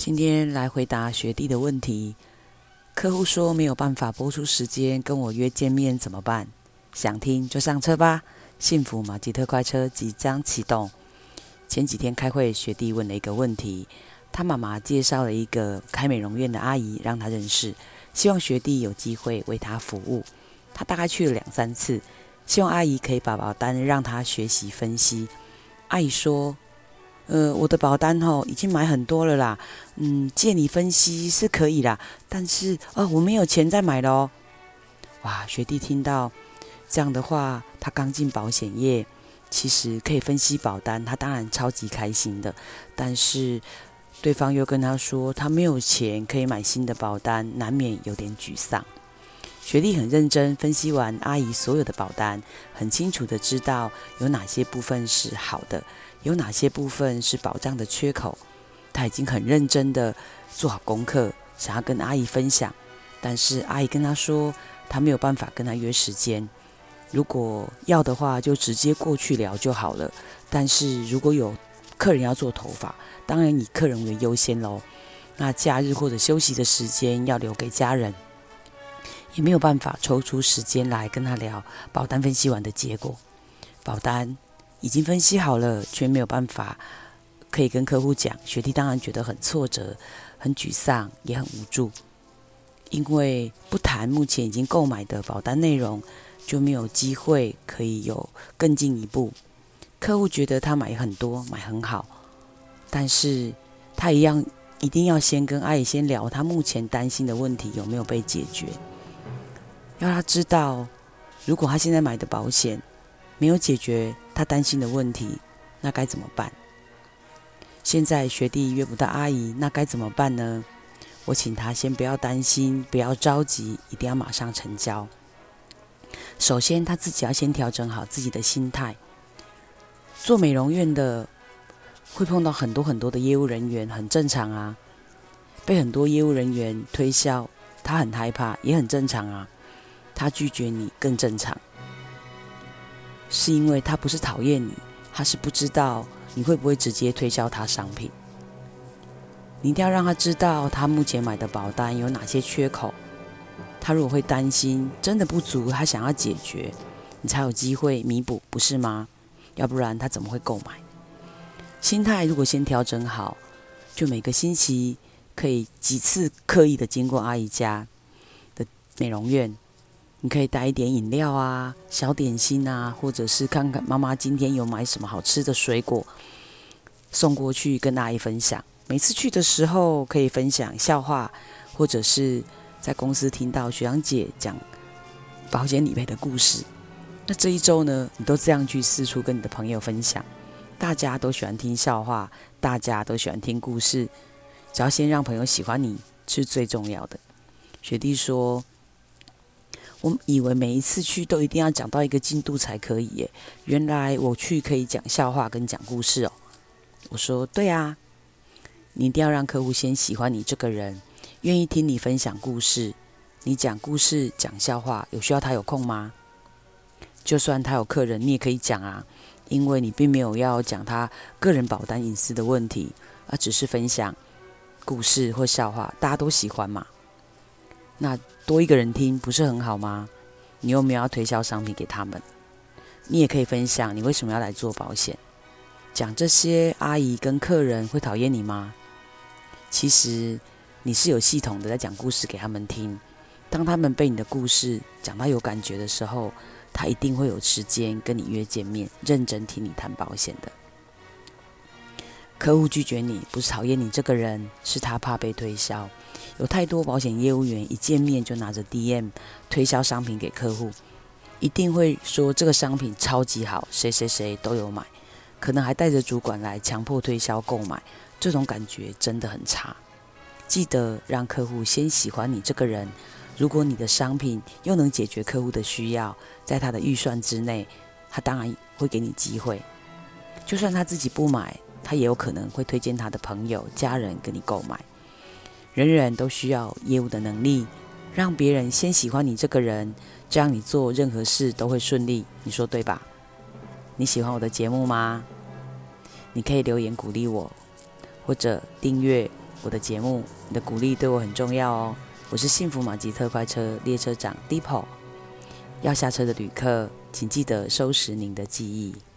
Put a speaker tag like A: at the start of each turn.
A: 今天來回答學弟的問題。客戶說沒有辦法撥出時間跟我約見面，怎麼辦？想聽就上車吧！幸福馬吉特快車即將啟動。前幾天開會，學弟問了一個問題。他媽媽介紹了一個開美容院的阿姨讓他認識，希望學弟有機會為他服務。他大概去了兩三次，希望阿姨可以把保單讓他學習分析。阿姨說。呃，我的保單吼，哦、已經買很多了啦，嗯，借你分析是可以啦，但是呃，我沒有錢再買咯。哇，學弟聽到這樣的話，他剛進保險業，其實可以分析保單，他當然超級開心的。但是對方又跟他說他沒有錢可以買新的保單，難免有點沮喪。學弟很認真分析完阿姨所有的保單，很清楚的知道有哪些部分是好的。有哪些部分是保障的缺口？他已經很認真地做好功課，想要跟阿姨分享，但是阿姨跟他說，他沒有辦法跟他約時間。如果要的話，就直接過去聊就好了。但是如果有客人要做頭髮，當然以客人為優先嘍。那假日或者休息的時間要留給家人，也沒有辦法抽出時間來跟他聊保單分析完的結果，保單。已經分析好了，卻沒有辦法可以跟客戶講。學弟當然覺得很挫折、很沮喪，也很無助，因為不談目前已經購買的保單內容，就沒有機會可以有更進一步。客戶覺得他買很多，買很好，但是他一樣一定要先跟阿姨先聊他目前擔心的問題有沒有被解決，要他知道，如果他現在買的保險。沒有解決他擔心的問題，那該怎麼辦？現在學弟約不到阿姨，那該怎麼辦呢？我請他先不要擔心，不要着急，一定要馬上成交。首先他自己要先調整好自己的心態。做美容院的會碰到很多很多的業務人員，很正常啊。被很多業務人員推銷，他很害怕，也很正常啊。他拒絕你更正常。是因為他不是討厭你，他是不知道你會不會直接推銷他商品。你一定要讓他知道他目前買的保單有哪些缺口，他如果會擔心真的不足，他想要解決，你才有機會彌補，不是嗎？要不然他怎麼會購買？心態如果先調整好，就每個星期可以幾次刻意的經過阿姨家的美容院。你可以帶一點飲料啊，小點心啊，或者是看看媽媽今天有買什麼好吃的水果送過去跟阿姨分享。每次去的時候可以分享笑話，或者是在公司聽到學長姐講保險理賠的故事。那這一周呢，你都這樣去四處跟你的朋友分享，大家都喜歡聽笑話，大家都喜歡聽故事。只要先讓朋友喜歡你是最重要的。學弟說。我以為每一次去都一定要講到一個進度才可以耶，原來我去可以講笑話跟講故事哦。我說對啊，你一定要讓客戶先喜歡你這個人，願意聽你分享故事。你講故事、講笑話，有需要他有空嗎？就算他有客人，你也可以講啊，因為你並沒有要講他個人保單隱私的問題，而只是分享故事或笑話，大家都喜歡嘛。那多一個人聽不是很好嗎？你有沒有要推銷商品給他們，你也可以分享你為什麼要來做保險。講這些阿姨跟客人會討厭你嗎？其實你是有系統的在講故事給他們聽，當他們被你的故事講到有感覺的時候，他一定會有時間跟你約見面，認真聽你談保險的。客戶拒絕你，不是討厭你這個人，是他怕被推銷。有太多保險業務員一見面就拿着 DM 推銷商品給客戶，一定會說這個商品超級好，誰誰誰都有買，可能還帶着主管來強迫推銷購買。這種感覺真的很差。記得讓客戶先喜歡你這個人，如果你的商品又能解決客戶的需要，在他的預算之內，他當然會給你機會。就算他自己不買，他也有可能會推薦他的朋友、家人跟你購買。人人都需要業務的能力，讓別人先喜歡你這個人，這樣你做任何事都會順利。你說對吧？你喜歡我的節目嗎？你可以留言鼓勵我，或者訂閱我的節目。你的鼓勵對我很重要哦。我是幸福馬吉特快車列車長 Deepo。要下車的旅客，請記得收拾您的記憶。